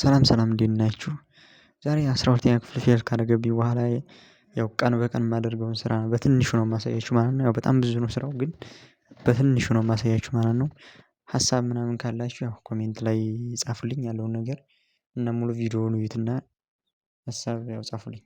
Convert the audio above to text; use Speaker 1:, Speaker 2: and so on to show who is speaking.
Speaker 1: ሰላም ሰላም እንዴት ናችሁ? ዛሬ አስራ ሁለተኛ ክፍል ፌል ካደረገብኝ በኋላ ያው ቀን በቀን የማደርገውን ስራ በትንሹ ነው የማሳያችሁ ማለት ነው። ያው በጣም ብዙ ነው ስራው ግን በትንሹ ነው የማሳያችሁ ማለት ነው። ሀሳብ ምናምን ካላችሁ ያው ኮሜንት ላይ ጻፉልኝ ያለውን ነገር እና ሙሉ ቪዲዮውን እዩትና ሀሳብ ያው ጻፉልኝ